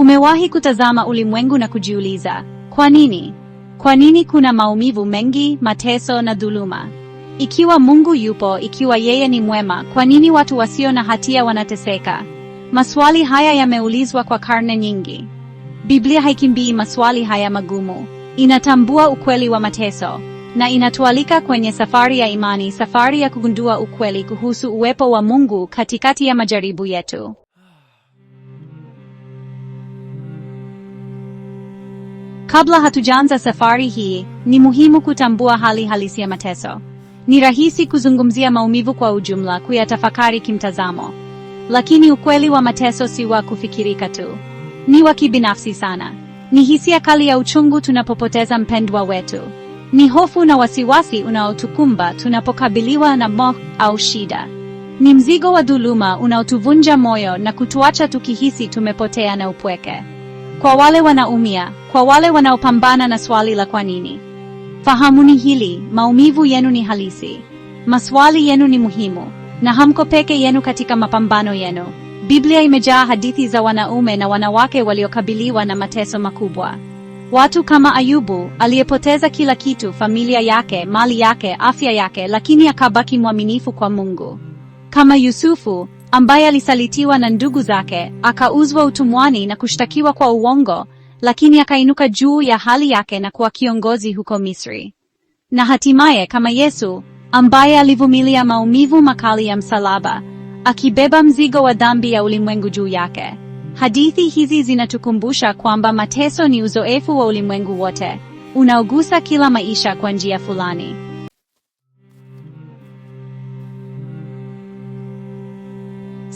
Umewahi kutazama ulimwengu na kujiuliza kwa nini? Kwa nini kuna maumivu mengi, mateso na dhuluma? Ikiwa Mungu yupo, ikiwa yeye ni mwema, kwa nini watu wasio na hatia wanateseka? Maswali haya yameulizwa kwa karne nyingi. Biblia haikimbii maswali haya magumu. Inatambua ukweli wa mateso na inatualika kwenye safari ya imani, safari ya kugundua ukweli kuhusu uwepo wa Mungu katikati ya majaribu yetu. Kabla hatujaanza safari hii, ni muhimu kutambua hali halisi ya mateso. Ni rahisi kuzungumzia maumivu kwa ujumla, kuyatafakari kimtazamo, lakini ukweli wa mateso si wa kufikirika tu, ni wa kibinafsi sana. Ni hisia kali ya uchungu tunapopoteza mpendwa wetu, ni hofu na wasiwasi unaotukumba tunapokabiliwa na moh au shida, ni mzigo wa dhuluma unaotuvunja moyo na kutuacha tukihisi tumepotea na upweke. Kwa wale wanaumia, kwa wale wanaopambana na swali la kwa nini, fahamuni hili: maumivu yenu ni halisi, maswali yenu ni muhimu, na hamko peke yenu katika mapambano yenu. Biblia imejaa hadithi za wanaume na wanawake waliokabiliwa na mateso makubwa. Watu kama Ayubu aliyepoteza kila kitu, familia yake, mali yake, afya yake, lakini akabaki mwaminifu kwa Mungu. Kama Yusufu ambaye alisalitiwa na ndugu zake, akauzwa utumwani na kushtakiwa kwa uongo, lakini akainuka juu ya hali yake na kuwa kiongozi huko Misri. Na hatimaye kama Yesu ambaye alivumilia maumivu makali ya msalaba, akibeba mzigo wa dhambi ya ulimwengu juu yake. Hadithi hizi zinatukumbusha kwamba mateso ni uzoefu wa ulimwengu wote, unaogusa kila maisha kwa njia fulani.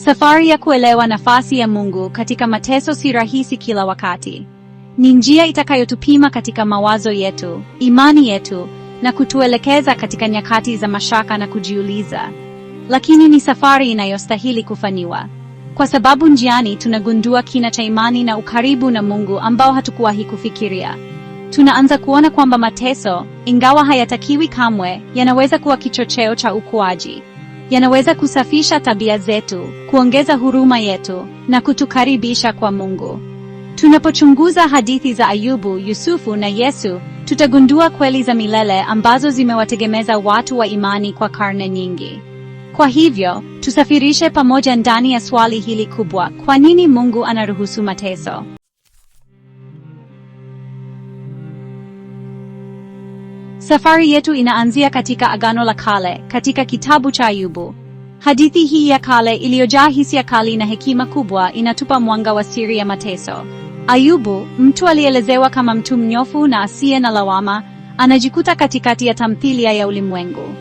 Safari ya kuelewa nafasi ya Mungu katika mateso si rahisi kila wakati. Ni njia itakayotupima katika mawazo yetu, imani yetu, na kutuelekeza katika nyakati za mashaka na kujiuliza. Lakini ni safari inayostahili kufanywa, kwa sababu njiani tunagundua kina cha imani na ukaribu na Mungu ambao hatukuwahi kufikiria. Tunaanza kuona kwamba mateso, ingawa hayatakiwi kamwe, yanaweza kuwa kichocheo cha ukuaji yanaweza kusafisha tabia zetu, kuongeza huruma yetu na kutukaribisha kwa Mungu. Tunapochunguza hadithi za Ayubu, Yusufu na Yesu, tutagundua kweli za milele ambazo zimewategemeza watu wa imani kwa karne nyingi. Kwa hivyo, tusafirishe pamoja ndani ya swali hili kubwa: kwa nini Mungu anaruhusu mateso? Safari yetu inaanzia katika Agano la Kale, katika kitabu cha Ayubu. Hadithi hii ya kale iliyojaa hisia kali na hekima kubwa inatupa mwanga wa siri ya mateso. Ayubu, mtu alielezewa kama mtu mnyofu na asiye na lawama, anajikuta katikati ya tamthilia ya ulimwengu.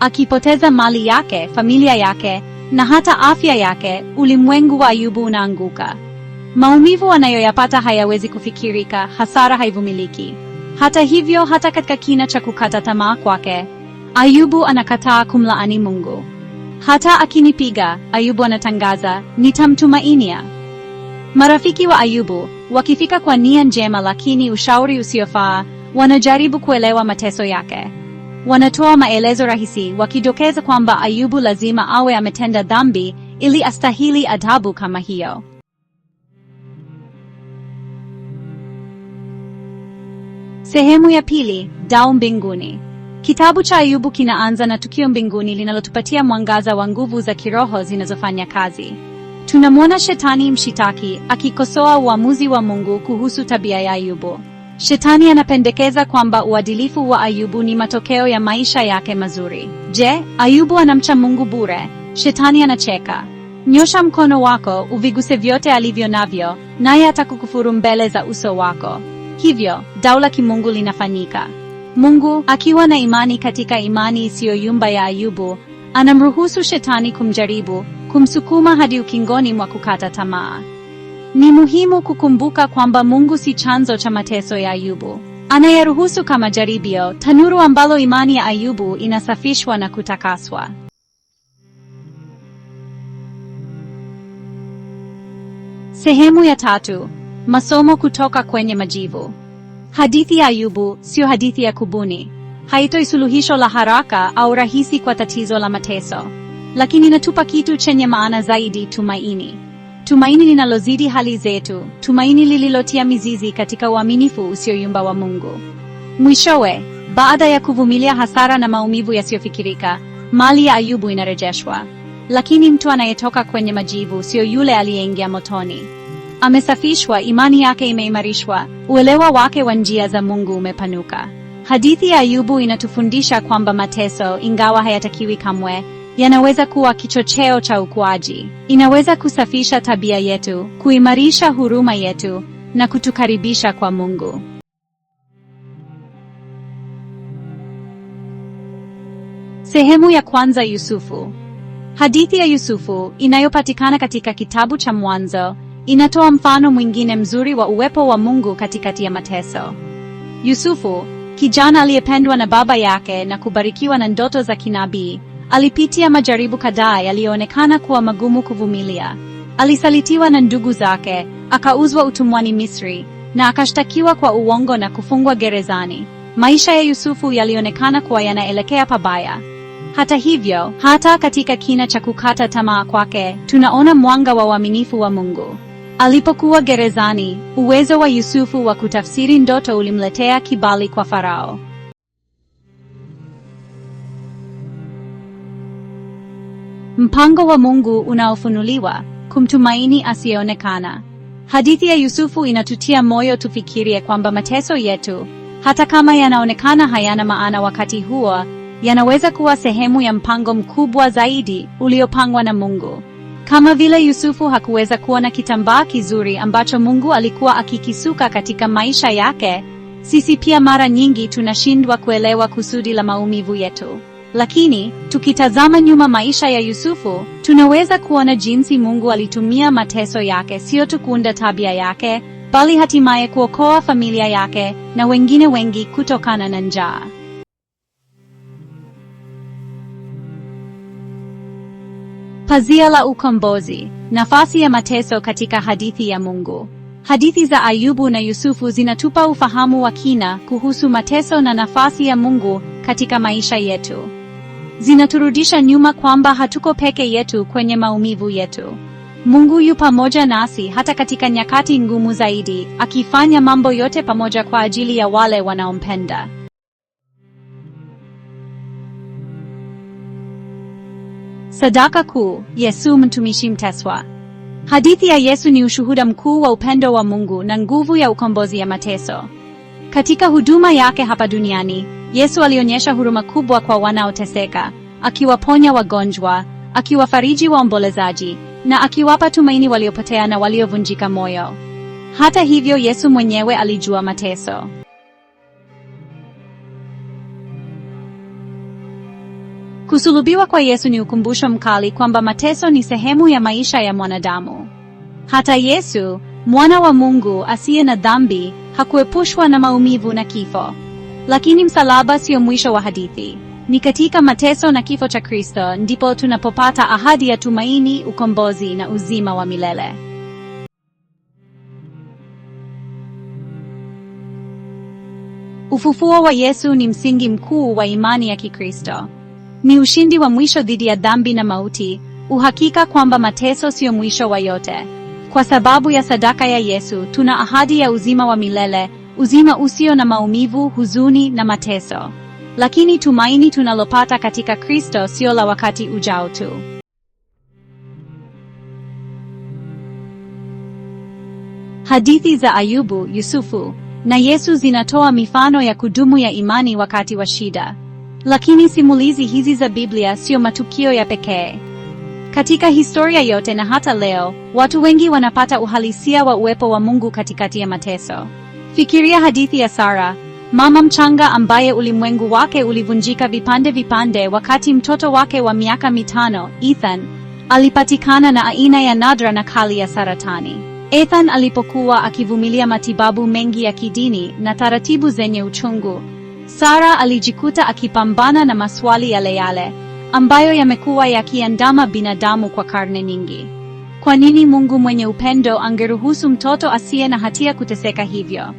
Akipoteza mali yake, familia yake na hata afya yake, ulimwengu wa Ayubu unaanguka. Maumivu anayoyapata hayawezi kufikirika, hasara haivumiliki. Hata hivyo, hata katika kina cha kukata tamaa kwake, Ayubu anakataa kumlaani Mungu. Hata akinipiga, Ayubu anatangaza, nitamtumainia. Marafiki wa Ayubu wakifika kwa nia njema lakini ushauri usiofaa, wanajaribu kuelewa mateso yake. Wanatoa maelezo rahisi wakidokeza kwamba Ayubu lazima awe ametenda dhambi ili astahili adhabu kama hiyo. Sehemu ya pili: Dau Mbinguni. Kitabu cha Ayubu kinaanza na tukio mbinguni linalotupatia mwangaza wa nguvu za kiroho zinazofanya kazi. Tunamwona Shetani mshitaki akikosoa uamuzi wa Mungu kuhusu tabia ya Ayubu. Shetani anapendekeza kwamba uadilifu wa Ayubu ni matokeo ya maisha yake mazuri. Je, Ayubu anamcha Mungu bure? Shetani anacheka. Nyosha mkono wako uviguse vyote alivyo navyo, naye atakukufuru mbele za uso wako. Hivyo daula kimungu linafanyika. Mungu akiwa na imani katika imani isiyoyumba ya Ayubu, anamruhusu shetani kumjaribu, kumsukuma hadi ukingoni mwa kukata tamaa. Ni muhimu kukumbuka kwamba Mungu si chanzo cha mateso ya Ayubu. Anayaruhusu kama jaribio, tanuru ambalo imani ya Ayubu inasafishwa na kutakaswa. Sehemu ya tatu. Masomo kutoka kwenye majivu. Hadithi ya Ayubu sio hadithi ya kubuni, haitoi suluhisho la haraka au rahisi kwa tatizo la mateso, lakini inatupa kitu chenye maana zaidi: tumaini. Tumaini linalozidi hali zetu, tumaini lililotia mizizi katika uaminifu usioyumba wa Mungu. Mwishowe, baada ya kuvumilia hasara na maumivu yasiyofikirika, mali ya Ayubu inarejeshwa. Lakini mtu anayetoka kwenye majivu sio yule aliyeingia motoni. Amesafishwa, imani yake imeimarishwa, uelewa wake wa njia za Mungu umepanuka. Hadithi ya Ayubu inatufundisha kwamba mateso, ingawa hayatakiwi kamwe, yanaweza kuwa kichocheo cha ukuaji. Inaweza kusafisha tabia yetu, kuimarisha huruma yetu na kutukaribisha kwa Mungu. Sehemu ya kwanza: Yusufu. Hadithi ya Yusufu inayopatikana katika kitabu cha Mwanzo Inatoa mfano mwingine mzuri wa uwepo wa Mungu katikati ya mateso. Yusufu, kijana aliyependwa na baba yake na kubarikiwa na ndoto za kinabii, alipitia majaribu kadhaa yaliyoonekana kuwa magumu kuvumilia. Alisalitiwa na ndugu zake, akauzwa utumwani Misri, na akashtakiwa kwa uongo na kufungwa gerezani. Maisha ya Yusufu yalionekana kuwa yanaelekea pabaya. Hata hivyo, hata katika kina cha kukata tamaa kwake, tunaona mwanga wa uaminifu wa Mungu. Alipokuwa gerezani, uwezo wa Yusufu wa kutafsiri ndoto ulimletea kibali kwa Farao. Mpango wa Mungu unaofunuliwa, kumtumaini asiyeonekana. Hadithi ya Yusufu inatutia moyo tufikirie kwamba mateso yetu, hata kama yanaonekana hayana maana wakati huo, yanaweza kuwa sehemu ya mpango mkubwa zaidi uliopangwa na Mungu. Kama vile Yusufu hakuweza kuona kitambaa kizuri ambacho Mungu alikuwa akikisuka katika maisha yake, sisi pia mara nyingi tunashindwa kuelewa kusudi la maumivu yetu. Lakini tukitazama nyuma maisha ya Yusufu, tunaweza kuona jinsi Mungu alitumia mateso yake sio tu kuunda tabia yake, bali hatimaye kuokoa familia yake na wengine wengi kutokana na njaa. Pazia la ukombozi, nafasi ya mateso katika hadithi ya Mungu. Hadithi za Ayubu na Yusufu zinatupa ufahamu wa kina kuhusu mateso na nafasi ya Mungu katika maisha yetu. Zinaturudisha nyuma kwamba hatuko peke yetu kwenye maumivu yetu. Mungu yu pamoja nasi hata katika nyakati ngumu zaidi, akifanya mambo yote pamoja kwa ajili ya wale wanaompenda. Sadaka kuu, Yesu mtumishi mteswa. Hadithi ya Yesu ni ushuhuda mkuu wa upendo wa Mungu na nguvu ya ukombozi ya mateso. Katika huduma yake hapa duniani, Yesu alionyesha huruma kubwa kwa wanaoteseka, akiwaponya wagonjwa, akiwafariji waombolezaji na akiwapa tumaini waliopotea na waliovunjika moyo. Hata hivyo, Yesu mwenyewe alijua mateso. Kusulubiwa kwa Yesu ni ukumbusho mkali kwamba mateso ni sehemu ya maisha ya mwanadamu. Hata Yesu, mwana wa Mungu asiye na dhambi, hakuepushwa na maumivu na kifo. Lakini msalaba siyo mwisho wa hadithi. Ni katika mateso na kifo cha Kristo ndipo tunapopata ahadi ya tumaini, ukombozi na uzima wa milele. Ufufuo wa Yesu ni msingi mkuu wa imani ya Kikristo. Ni ushindi wa mwisho dhidi ya dhambi na mauti, uhakika kwamba mateso siyo mwisho wa yote. Kwa sababu ya sadaka ya Yesu, tuna ahadi ya uzima wa milele, uzima usio na maumivu, huzuni na mateso. Lakini tumaini tunalopata katika Kristo sio la wakati ujao tu. Hadithi za Ayubu, Yusufu na Yesu zinatoa mifano ya kudumu ya imani wakati wa shida. Lakini simulizi hizi za Biblia sio matukio ya pekee. Katika historia yote na hata leo, watu wengi wanapata uhalisia wa uwepo wa Mungu katikati ya mateso. Fikiria hadithi ya Sara, mama mchanga ambaye ulimwengu wake ulivunjika vipande vipande wakati mtoto wake wa miaka mitano, Ethan, alipatikana na aina ya nadra na kali ya saratani. Ethan alipokuwa akivumilia matibabu mengi ya kidini na taratibu zenye uchungu, Sara alijikuta akipambana na maswali yale yale ambayo yamekuwa yakiandama binadamu kwa karne nyingi. Kwa nini Mungu mwenye upendo angeruhusu mtoto asiye na hatia kuteseka hivyo?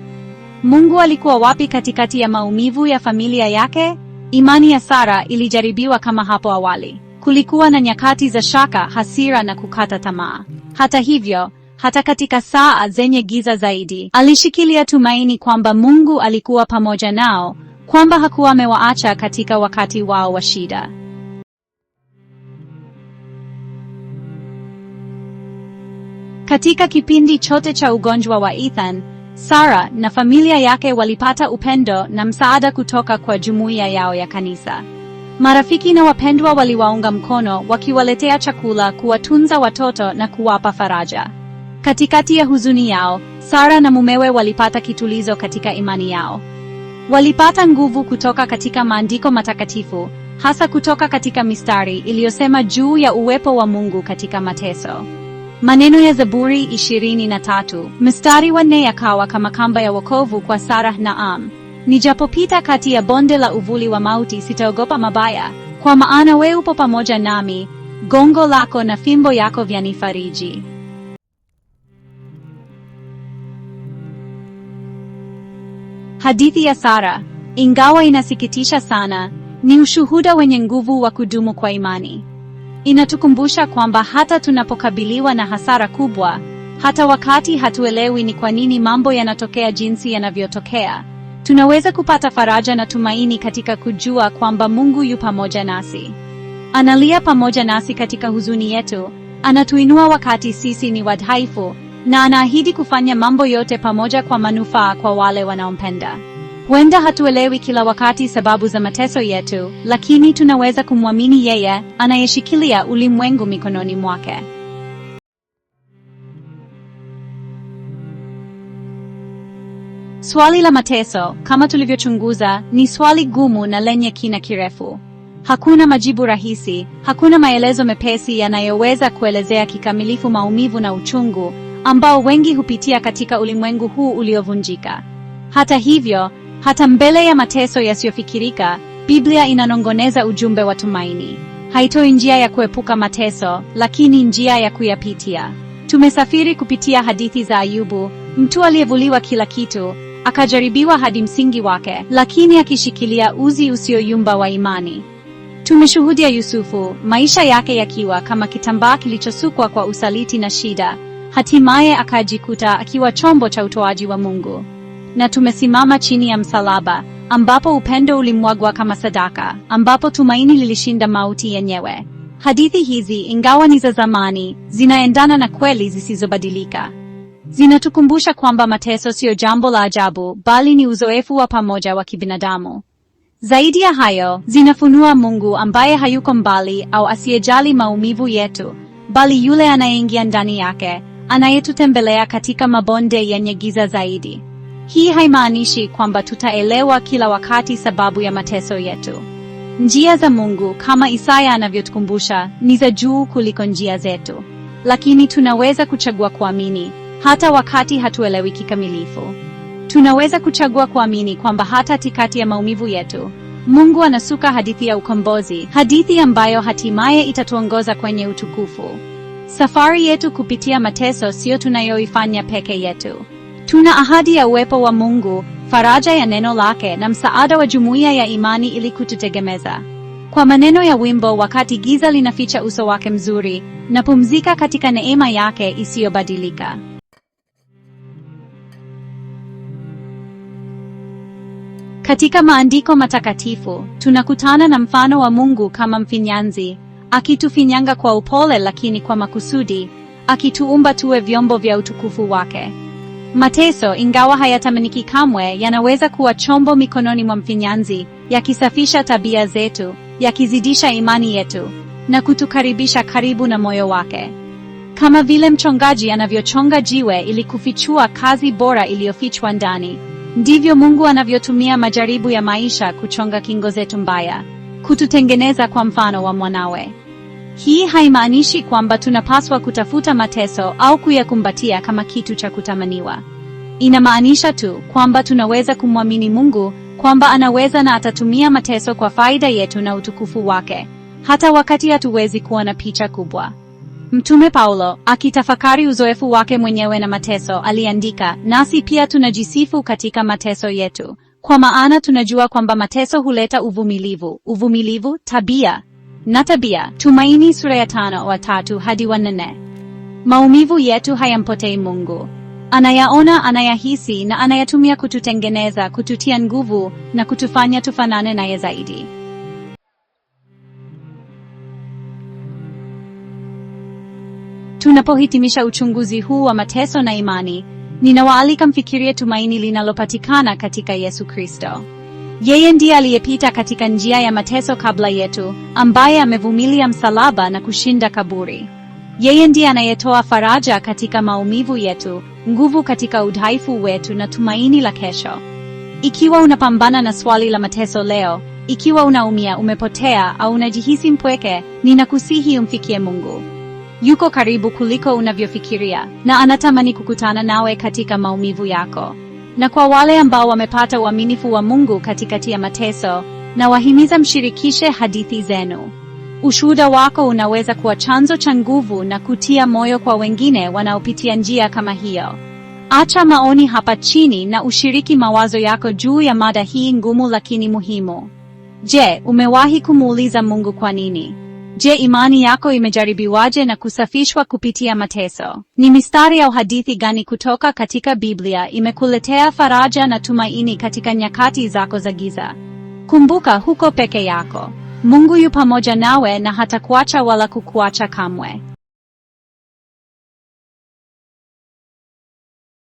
Mungu alikuwa wapi katikati ya maumivu ya familia yake? Imani ya Sara ilijaribiwa kama hapo awali. Kulikuwa na nyakati za shaka, hasira na kukata tamaa. Hata hivyo, hata katika saa zenye giza zaidi, alishikilia tumaini kwamba Mungu alikuwa pamoja nao kwamba hakuwa amewaacha katika wakati wao wa shida. Katika kipindi chote cha ugonjwa wa Ethan, Sara na familia yake walipata upendo na msaada kutoka kwa jumuiya yao ya kanisa. Marafiki na wapendwa waliwaunga mkono, wakiwaletea chakula, kuwatunza watoto na kuwapa faraja. Katikati ya huzuni yao, Sara na mumewe walipata kitulizo katika imani yao. Walipata nguvu kutoka katika maandiko matakatifu, hasa kutoka katika mistari iliyosema juu ya uwepo wa Mungu katika mateso. Maneno ya Zaburi 23 mstari wa nne yakawa kama kamba ya wokovu kwa Sarah na Am. Nijapopita kati ya bonde la uvuli wa mauti, sitaogopa mabaya, kwa maana we upo pamoja nami; gongo lako na fimbo yako vyanifariji. Hadithi ya Sara, ingawa inasikitisha sana, ni ushuhuda wenye nguvu wa kudumu kwa imani. Inatukumbusha kwamba hata tunapokabiliwa na hasara kubwa, hata wakati hatuelewi ni kwa nini mambo yanatokea jinsi yanavyotokea, tunaweza kupata faraja na tumaini katika kujua kwamba Mungu yu pamoja nasi. Analia pamoja nasi katika huzuni yetu, anatuinua wakati sisi ni wadhaifu, na anaahidi kufanya mambo yote pamoja kwa manufaa kwa wale wanaompenda. Huenda hatuelewi kila wakati sababu za mateso yetu, lakini tunaweza kumwamini yeye anayeshikilia ulimwengu mikononi mwake. Swali la mateso, kama tulivyochunguza, ni swali gumu na lenye kina kirefu. Hakuna majibu rahisi, hakuna maelezo mepesi yanayoweza kuelezea kikamilifu maumivu na uchungu ambao wengi hupitia katika ulimwengu huu uliovunjika. Hata hivyo, hata mbele ya mateso yasiyofikirika, Biblia inanongoneza ujumbe wa tumaini. Haitoi njia ya kuepuka mateso, lakini njia ya kuyapitia. Tumesafiri kupitia hadithi za Ayubu, mtu aliyevuliwa kila kitu, akajaribiwa hadi msingi wake, lakini akishikilia uzi usioyumba wa imani. Tumeshuhudia Yusufu, maisha yake yakiwa kama kitambaa kilichosukwa kwa usaliti na shida, hatimaye akajikuta akiwa chombo cha utoaji wa Mungu. Na tumesimama chini ya msalaba, ambapo upendo ulimwagwa kama sadaka, ambapo tumaini lilishinda mauti yenyewe. Hadithi hizi, ingawa ni za zamani, zinaendana na kweli zisizobadilika. Zinatukumbusha kwamba mateso siyo jambo la ajabu, bali ni uzoefu wa pamoja wa kibinadamu. Zaidi ya hayo, zinafunua Mungu ambaye hayuko mbali au asiyejali maumivu yetu, bali yule anayeingia ndani yake anayetutembelea katika mabonde yenye giza zaidi. Hii haimaanishi kwamba tutaelewa kila wakati sababu ya mateso yetu. Njia za Mungu, kama Isaya anavyotukumbusha, ni za juu kuliko njia zetu, lakini tunaweza kuchagua kuamini hata wakati hatuelewi kikamilifu. Tunaweza kuchagua kuamini kwamba hata katikati ya maumivu yetu Mungu anasuka hadithi ya ukombozi, hadithi ambayo hatimaye itatuongoza kwenye utukufu. Safari yetu kupitia mateso siyo tunayoifanya peke yetu. Tuna ahadi ya uwepo wa Mungu, faraja ya neno lake na msaada wa jumuiya ya imani ili kututegemeza. Kwa maneno ya wimbo, wakati giza linaficha uso wake mzuri, napumzika katika neema yake isiyobadilika. Katika maandiko matakatifu tunakutana na mfano wa Mungu kama mfinyanzi akitufinyanga kwa upole lakini kwa makusudi, akituumba tuwe vyombo vya utukufu wake. Mateso, ingawa hayatamaniki kamwe, yanaweza kuwa chombo mikononi mwa mfinyanzi, yakisafisha tabia zetu, yakizidisha imani yetu na kutukaribisha karibu na moyo wake. Kama vile mchongaji anavyochonga jiwe ili kufichua kazi bora iliyofichwa ndani, ndivyo Mungu anavyotumia majaribu ya maisha kuchonga kingo zetu mbaya, kututengeneza kwa mfano wa mwanawe. Hii haimaanishi kwamba tunapaswa kutafuta mateso au kuyakumbatia kama kitu cha kutamaniwa. Inamaanisha tu kwamba tunaweza kumwamini Mungu kwamba anaweza na atatumia mateso kwa faida yetu na utukufu wake, hata wakati hatuwezi kuwa na picha kubwa. Mtume Paulo akitafakari uzoefu wake mwenyewe na mateso, aliandika, nasi pia tunajisifu katika mateso yetu, kwa maana tunajua kwamba mateso huleta uvumilivu, uvumilivu tabia na tabia. Tumaini sura ya tano wa tatu hadi wa nne. Maumivu yetu hayampotei Mungu. Anayaona, anayahisi na anayatumia kututengeneza, kututia nguvu na kutufanya tufanane naye zaidi. Tunapohitimisha uchunguzi huu wa mateso na imani, ninawaalika mfikirie tumaini linalopatikana katika Yesu Kristo. Yeye ndiye aliyepita katika njia ya mateso kabla yetu, ambaye amevumilia msalaba na kushinda kaburi. Yeye ndiye anayetoa faraja katika maumivu yetu, nguvu katika udhaifu wetu na tumaini la kesho. Ikiwa unapambana na swali la mateso leo, ikiwa unaumia, umepotea au unajihisi mpweke, ninakusihi umfikie Mungu. Yuko karibu kuliko unavyofikiria na anatamani kukutana nawe katika maumivu yako na kwa wale ambao wamepata uaminifu wa Mungu katikati ya mateso, na wahimiza mshirikishe hadithi zenu. Ushuhuda wako unaweza kuwa chanzo cha nguvu na kutia moyo kwa wengine wanaopitia njia kama hiyo. Acha maoni hapa chini na ushiriki mawazo yako juu ya mada hii ngumu lakini muhimu. Je, umewahi kumuuliza Mungu kwa nini? Je, imani yako imejaribiwaje na kusafishwa kupitia mateso? Ni mistari ya uhadithi gani kutoka katika Biblia imekuletea faraja na tumaini katika nyakati zako za giza? Kumbuka, huko peke yako. Mungu yu pamoja nawe na hatakuacha wala kukuacha kamwe.